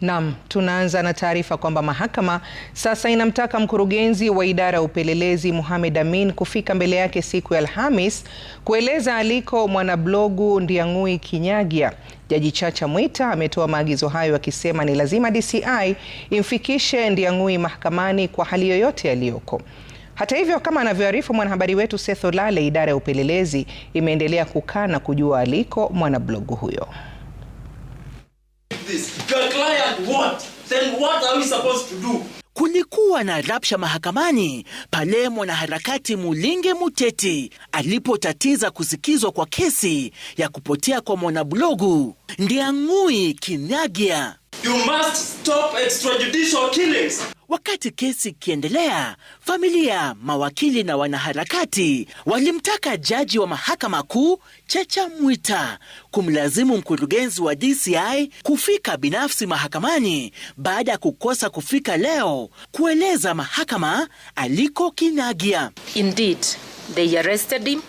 Naam, tunaanza na taarifa kwamba mahakama sasa inamtaka mkurugenzi wa idara ya upelelezi Mohamed Amin kufika mbele yake siku ya Alhamis kueleza aliko mwanablogu Ndiang'ui Kinyagia. Jaji Chacha Mwita ametoa maagizo hayo akisema ni lazima DCI imfikishe Ndiang'ui mahakamani kwa hali yoyote yaliyoko. Hata hivyo, kama anavyoarifu mwanahabari wetu Seth Olale, idara ya upelelezi imeendelea kukana kujua aliko mwanablogu huyo fired what? Then what are we supposed to do? Kulikuwa na rapsha mahakamani pale mwanaharakati Mulinge Muteti alipotatiza kusikizwa kwa kesi ya kupotea kwa mwanablogu Ndiang'ui Kinyagia. You must stop extrajudicial killings. Wakati kesi ikiendelea, familia, mawakili na wanaharakati walimtaka jaji wa mahakama kuu Chacha Mwita kumlazimu mkurugenzi wa DCI kufika binafsi mahakamani baada ya kukosa kufika leo kueleza mahakama aliko kinagia. Indeed, they arrested him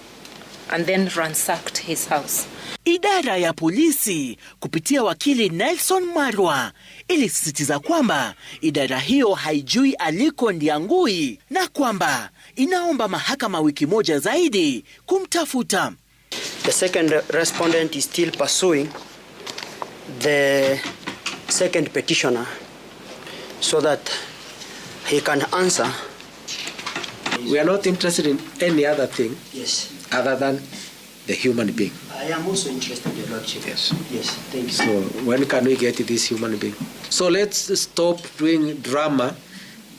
and then ransacked his house. Idara ya polisi kupitia wakili Nelson Marwa ilisisitiza kwamba idara hiyo haijui aliko Ndiangui na kwamba inaomba mahakama wiki moja zaidi kumtafuta. The second respondent is still pursuing the second petitioner so that he can answer. We are not interested in any other thing yes. other than the human being. I am also interested, Your Lordship. Yes. Yes, thank you. So when can we get this human being? So let's stop doing drama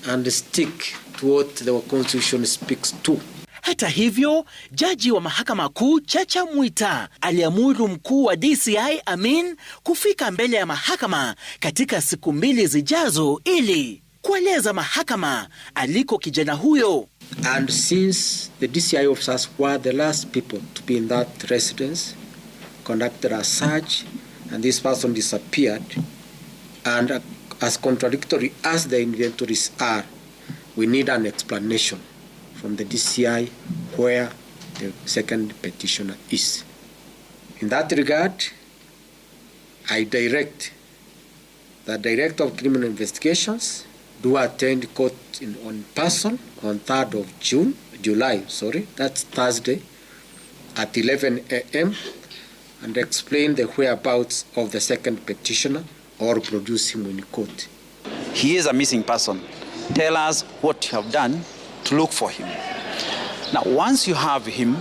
and stick to what the constitution speaks to. Hata hivyo, jaji wa mahakama kuu Chacha Mwita aliamuru mkuu wa DCI Amin kufika mbele ya mahakama katika siku mbili zijazo ili kueleza mahakama aliko kijana huyo. And since the DCI officers were the last people to be in that residence, conducted a search, and this person disappeared. And uh, as contradictory as the inventories are, we need an explanation from the DCI where the second petitioner is. In that regard, I direct the Director of Criminal Investigations do attend court in, on person on 3rd of June, July, sorry, that's Thursday at 11 a.m. and explain the whereabouts of the second petitioner or produce him in court. He is a missing person. Tell us what you have done to look for him. Now, once you have him,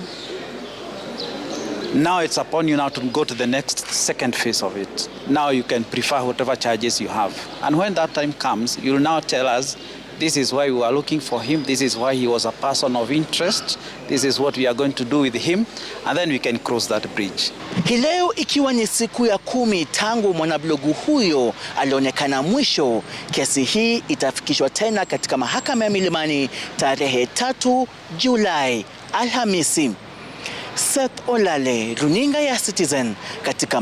Now it's upon you now to go to the next second phase of it. Now you can prefer whatever charges you have. And when that time comes, you'll now tell us this is why we are looking for him, this is why he was a person of interest, this is what we are going to do with him, and then we can cross that bridge. Hii leo ikiwa ni siku ya kumi tangu mwanablogu huyo alionekana mwisho, kesi hii itafikishwa tena katika mahakama ya Milimani tarehe tatu Julai, Alhamisi. Seth Olale, runinga ya Citizen katika